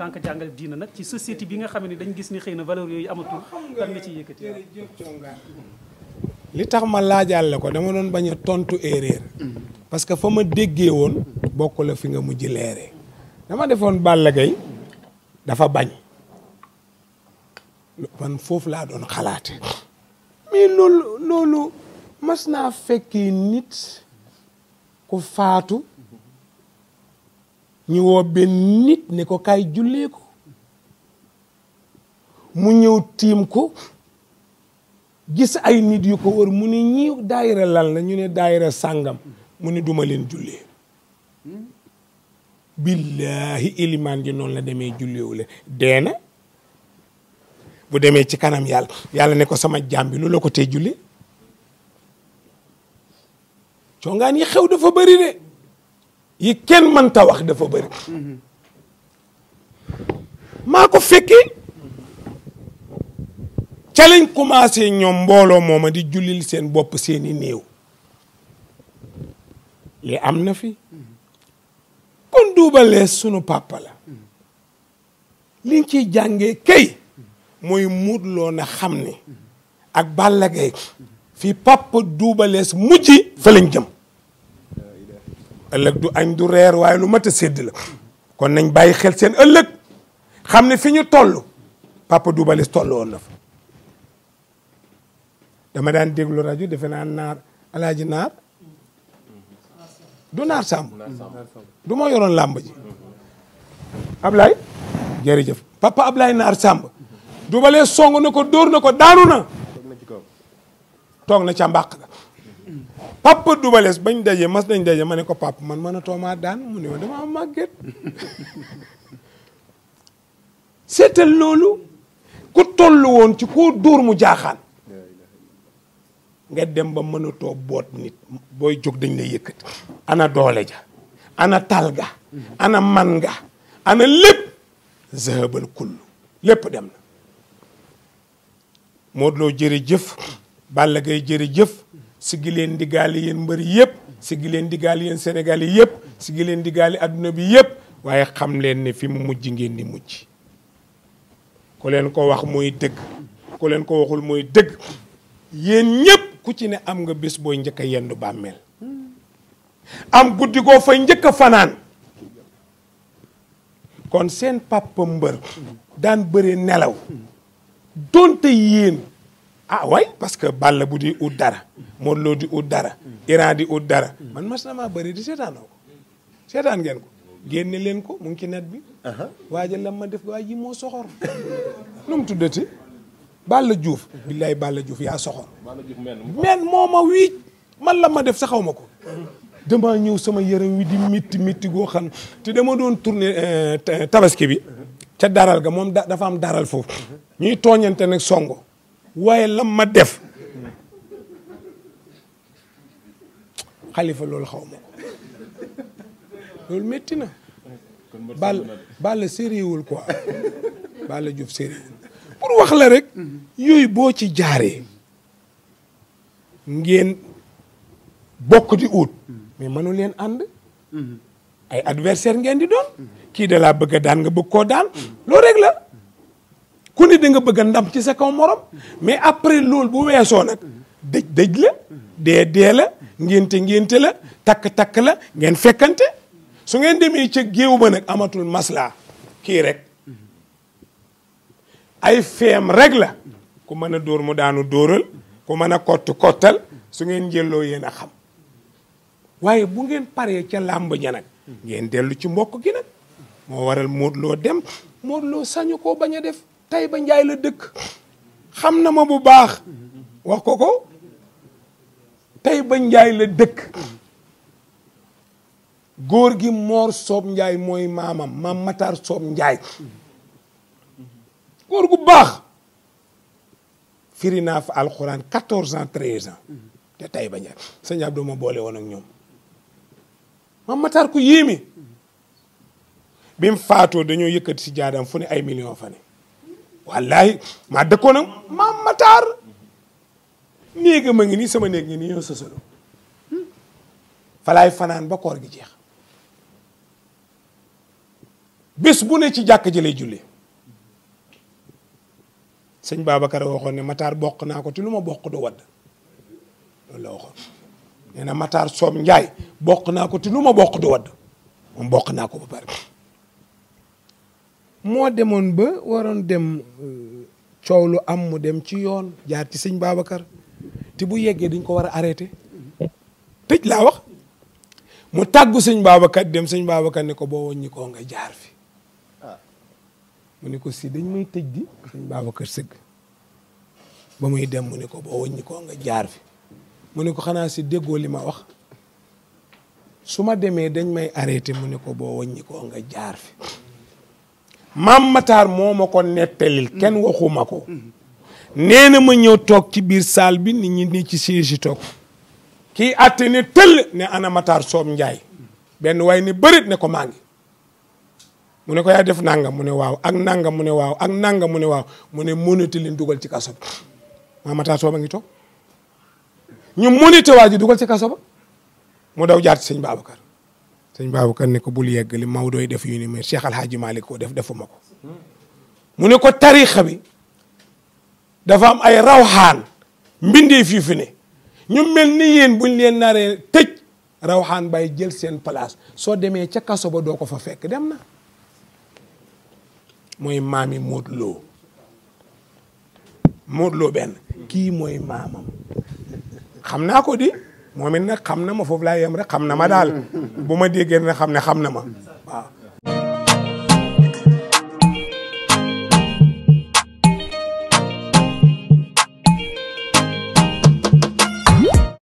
tant que jàngale diina nag ci société bi nga xam ne dañ gis ni xëy na valeur yooyu amatul lan nga ciy yëkkati li tax ma laajaale ko dama doon bañ tontu erreur parce que fa ma déggee woon bokk la fi nga mujj leere dama defoon Balla Gaye dafa bañ man foofu laa doon xalaate mais loolu mas naa fekki nit ku faatu ñu woo benn nit ne ko kaay jullee ko mu ñëw tiim ko gis ay nit yu ko wër mu ne ñii daayira lan la ñu ne daayira sàngam mu ne duma leen jullee billaahi ilimaan ji noonu la demee jullewu la dee na bu demee ci kanam yàlla yàlla ne ko sama jàmbi lu la jullee congaan yi xew dafa bëri de yi kenn mënta wax dafa bari maa ko fekkee ca lañ commencé ñoom mbooloo mooma di jullil seen bopp seeni néew li am na fi kon Double sunu papa la liñ ciy jàngee kay mooy loo na xam ne ak Balla Gaye fi papa Double Less mujj jëm ëllëg du añ du reer waaye lu mat a sedd la kon nañ bàyyi xel seen ëllëg xam ne fi ñu toll papa duubalis toll woon na fa dama daan déglu rajo defe naa naar alaaji naar du naar sàmm du moo yoroon làmb ji Ablaye jërëjëf papa Ablaye naar sàmb duubalee song na ko dóor na ko daanu na toog na ca mbàq ga papa dubalees bañ daje mas nañ daje ma ne ko papa man mën a toomaa daan mu ne ma dama am màgget seetal loolu ku toll woon ci koo dóor mu jaaxaan nga dem ba mënatoo boot nit booy jóg dañ lay yëkkati ana doole ja ana talga ana man nga ana lépp zahabal kullu lépp dem na Modou Lo jërëjëf Balla Gaye jërëjëf siggi leen di gal yéen mbeur yep siggi leen di gal yéen senegal yi yëpp siggi di gaali aduna bi yep waye xam leen ne fi mu mujj ngeen ni mujj ko leen ko wax moy deug ko leen ko waxul moy deug yéen ñep ku ci ne am nga bes boy njëkk yendu bammel am guddi go fay njëkk fanan kon sen papa mbeur daan beure nelaw donte ah way parce que Balla bu di ut dara Modou Lo di ut dara Iran di ut dara man mas na maa bëri di seetaanoo ko ngeen ko génne leen ko mu ngi ci net bi uh-huh. waaja lan ma def waay ji moo soxor nu mu tuddati Balla Diouf billaay Balla Diouf yaa soxor men moo ma man la ma def sa xaw ma ko dama ñëw sama yaram wi di mitti mitti goo xam te dama doon tourner euh, tabaski bi ca daral ga moom dafa am daral foofu ñuy tooñante nag songo waaye lam ma def xalifa loolu xaw ma loolu métti na bal bal sériwul quoi bal jub sériwul pour wax la rek yooyu boo ci jaaree ngeen bokk di ut mais mënu leen ànd mm-hmm. ay adversaire ngeen di doon kii da laa bëgg a daan nga bëgg koo daan loolu rek la ku ne da nga bëgg a ndam ci sa kaw morom mais après lool bu weesoo nag dëj dëj la dee dee la ngénte ngénte la takk takk la ngeen fekkante su ngeen demee ca géew ba nag amatul maslaa kii rek ay feem rek la ku mën a dóor mu daanu dóoral ku mën a kott kottal su ngeen jëlloo yéen a xam waaye bu ngeen paree ca làmb ja nag ngeen dellu ci mbokk gi nag moo waral Modou Lo dem Modou Lo sañu koo bañ def Taïba njaay la dëkk xam na ma bu baax wax ko ko Taïba Ndiaye la dëkk góor gi Mor njaay mooy maamam maam sob Soob Ndiaye baax firi naa fa alxuraan quatorze ans treize ans te Taïba Ndiaye sëñ Abdou ma boole woon ñoom maam Matar ku yéeme bi mu faatoo dañoo yëkkati si jaadam fu ne ay millions fa ne wallahi maa dëkkoon ak maam Matar néega ma ngi nii sama néeg ngi nii ñoo sësalo fanaan ba koor gi jeex bés bu ne ci jàkk jële lay jullee sëñ Babacar waxoon ne Matar bokk naa ko te lu ma bokk du wadd loolu la waxoon nee na Matar Soom Njaay bokk naa ko te lu ma bokk du wadd moom bokk naa ko ba pare moo demoon ba waroon dem euh, coow lu am mu dem ci yoon jaar ci sëñ Babacar te bu yeggee dañ ko war a arrêté tëj laa wax mu tàggu sëñ Babacar dem sëñ Babacar ni ko boo woon ñi jaar fi mu ne ko si dañ may tëj di sëñ sëgg ba muy dem mu ne ko boo nga jaar fi mu ne ko xanaa si déggoo li ma wax su ma demee dañ may arrêté mu ne ko boo wëññi koo nga jaar fi maam Matar moo ma ko nettalil kenn waxuma ko nee ma ñëw toog ci biir salle bi nit ñi ni ci siège yi toog kii àtte ne tëll ne ana Matar Soom Njaay benn waaye ne bërit ne ko maa ngi mu ne ko yaa def nangam mu ne waaw ak nangam mu ne waaw mu ne waaw mu ne monité dugal ci kaso ba maam Matar ngi toog ñu monité waa ji dugal ci kaso ba mu daw jaar ci sëñ Babacar sëñ Babacar ne ko bul yeggali Maodo dooy def yu ni mel Cheikh Al Hadj Malick ko def defuma ko mu ne ko tariixa bi dafa am ay rawxaan mbindee fii fi ne ñu mel ni yéen buñ leen naree tëj rawxaan bay jël seen place soo demee ca kaso ba doo ko fa fekk dem na mooy maami Modou Lo Modou Lo benn kii mooy maamam xam naa ko di moom it nag xam na ma foofu laa yem rek xam na ma daal mm-hmm. bu ma déggee ne xam ne xam na ma